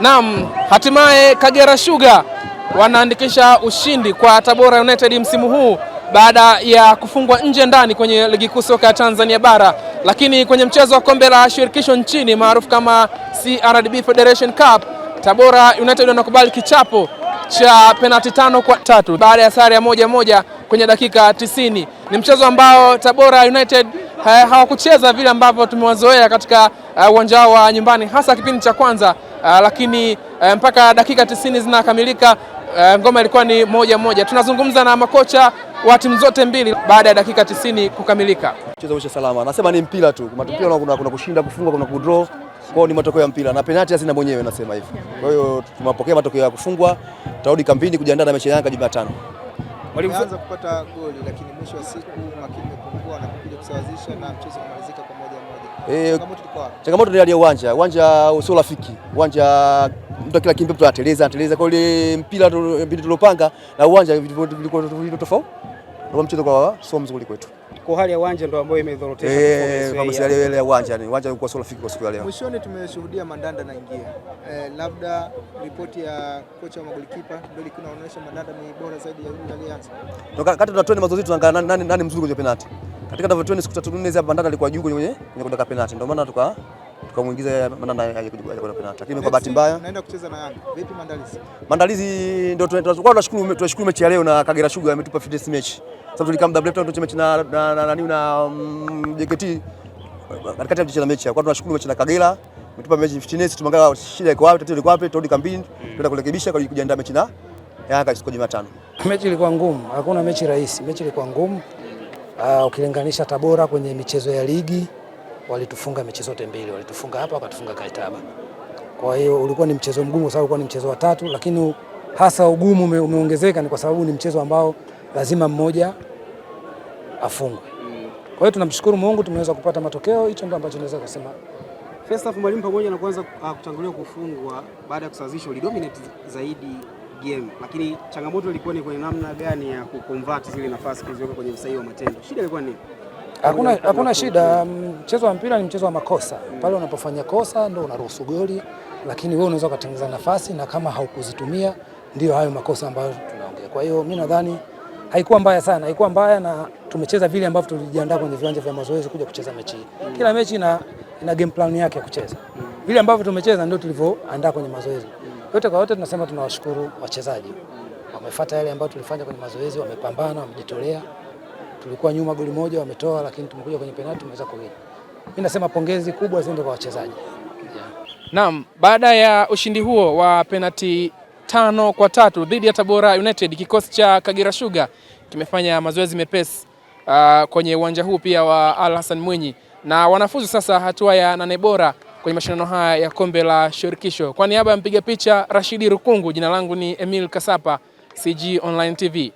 Naam, hatimaye Kagera Sugar wanaandikisha ushindi kwa Tabora United msimu huu baada ya kufungwa nje ndani kwenye ligi kuu soka ya Tanzania bara, lakini kwenye mchezo wa kombe la shirikisho nchini maarufu kama CRDB Federation Cup, Tabora United wanakubali kichapo cha penalti tano kwa tatu baada ya sare ya moja moja kwenye dakika tisini. Ni mchezo ambao Tabora United eh, hawakucheza vile ambavyo tumewazoea katika eh, uwanja uh, wao wa nyumbani, hasa kipindi cha kwanza uh, lakini uh, mpaka dakika tisini zinakamilika uh, ngoma ilikuwa ni moja moja. Tunazungumza na makocha wa timu zote mbili baada ya dakika tisini kukamilika. Mchezo usha salama, nasema ni mpira tu, mpira kuna, kuna kushinda, kufunga, kuna kudraw kwa ni matokeo ya mpira na penalti hazina mwenyewe, nasema hivi. Kwa hiyo tumepokea matokeo ya kufungwa, tutarudi kambini kujiandaa na mechi ya Yanga Jumatano. Walianza kupata goli, lakini mwisho wa siku makini umepungua na kuja kusawazisha na mchezo kumalizika kwa moja. E, changamoto ni hali ya uwanja. Uwanja sio rafiki, uwanja mtu kila kimbe mtu ateleza ateleza, kwa ile mpira tulopanga na uwanja vilikuwa tofauti, ndio mchezo kwa sio mzuri kwetu. Kwa hali ya uwanja ndio ambayo imedhorotesha eh, performance ya uwanja, ni uwanja ulikuwa sio rafiki kwa siku ya leo. Mwishoni tumeshuhudia Mandanda naingia, eh, labda ripoti ya kocha wa magolikipa ndio inaonyesha Mandanda ni bora zaidi ya yule aliyeanza. Toka kati tunatoa mazoezi tunaangalia nani nani mzuri kwenye penalti katika dakika 20 siku tatu nne za Mandanda alikuwa juu kwenye kwenye kudaka penalti, ndio maana tuka tukamuingiza Mandanda aje kudaka penalti, lakini kwa bahati mbaya naenda kucheza na Yanga. Vipi Mandalizi? Mandalizi ndio tunatakuwa tunashukuru, tunashukuru mechi ya leo na Kagera Sugar ametupa fitness mechi, sababu tulikaa muda mrefu tunacheza mechi na na na nani na mm, JKT katikati ya kucheza mechi, kwa tunashukuru mechi na Kagera ametupa mechi fitness, tumeangalia shida iko wapi, tatizo liko wapi, turudi kambini, tuenda kurekebisha kwa kujiandaa mechi na Yanga siku ya Jumatano. Mechi ilikuwa ngumu, hakuna mechi rahisi, mechi ilikuwa ngumu Uh, ukilinganisha Tabora kwenye michezo ya ligi walitufunga michezo yote mbili, walitufunga hapa wakatufunga Kaitaba. Kwa hiyo ulikuwa ni mchezo mgumu kwa sababu ulikuwa ni mchezo wa tatu, lakini hasa ugumu ume, umeongezeka ni kwa sababu ni mchezo ambao lazima mmoja afungwe. Kwa hiyo tunamshukuru Mungu tumeweza kupata matokeo, hicho ndio ambacho naweza kusema. First half mwalimu, pamoja na kwanza ah, kutangulia kufungwa baada ya kusawazisha, ulidominate zaidi game, lakini changamoto ilikuwa ni kwenye namna gani ya kuconvert zile nafasi kuziweka kwenye usahihi wa matendo. Shida ilikuwa nini? Hakuna, hakuna shida. Mchezo wa mpira ni mchezo wa makosa mm. Pale unapofanya kosa ndio unaruhusu goli, lakini wewe unaweza ukatengeneza nafasi na kama haukuzitumia ndio hayo makosa ambayo tunaongea. Kwa hiyo mimi nadhani haikuwa mbaya sana, haikuwa mbaya na tumecheza vile ambavyo tulijiandaa kwenye viwanja vya mazoezi kuja kucheza mechi hii. Mm. Kila mechi ina, ina game plan yake ya kucheza. Mm. Vile ambavyo tumecheza ndio tulivyoandaa kwenye mazoezi. Yote kwa yote, tunasema tunawashukuru wachezaji, wamefuata yale ambayo tulifanya kwenye mazoezi, wamepambana, wamejitolea. Tulikuwa nyuma goli moja wametoa, lakini tumekuja kwenye penalti tumeweza kuwin. Mimi nasema pongezi kubwa ziende kwa wachezaji yeah. Naam, baada ya ushindi huo wa penalti tano kwa tatu dhidi ya Tabora United, kikosi cha Kagera Sugar kimefanya mazoezi mepesi uh, kwenye uwanja huu pia wa Al Hassan Mwinyi na wanafuzu sasa hatua ya nane bora kwenye mashindano haya ya kombe la shirikisho. Kwa niaba ya mpiga picha Rashidi Rukungu, jina langu ni Emil Kasapa, CG Online TV.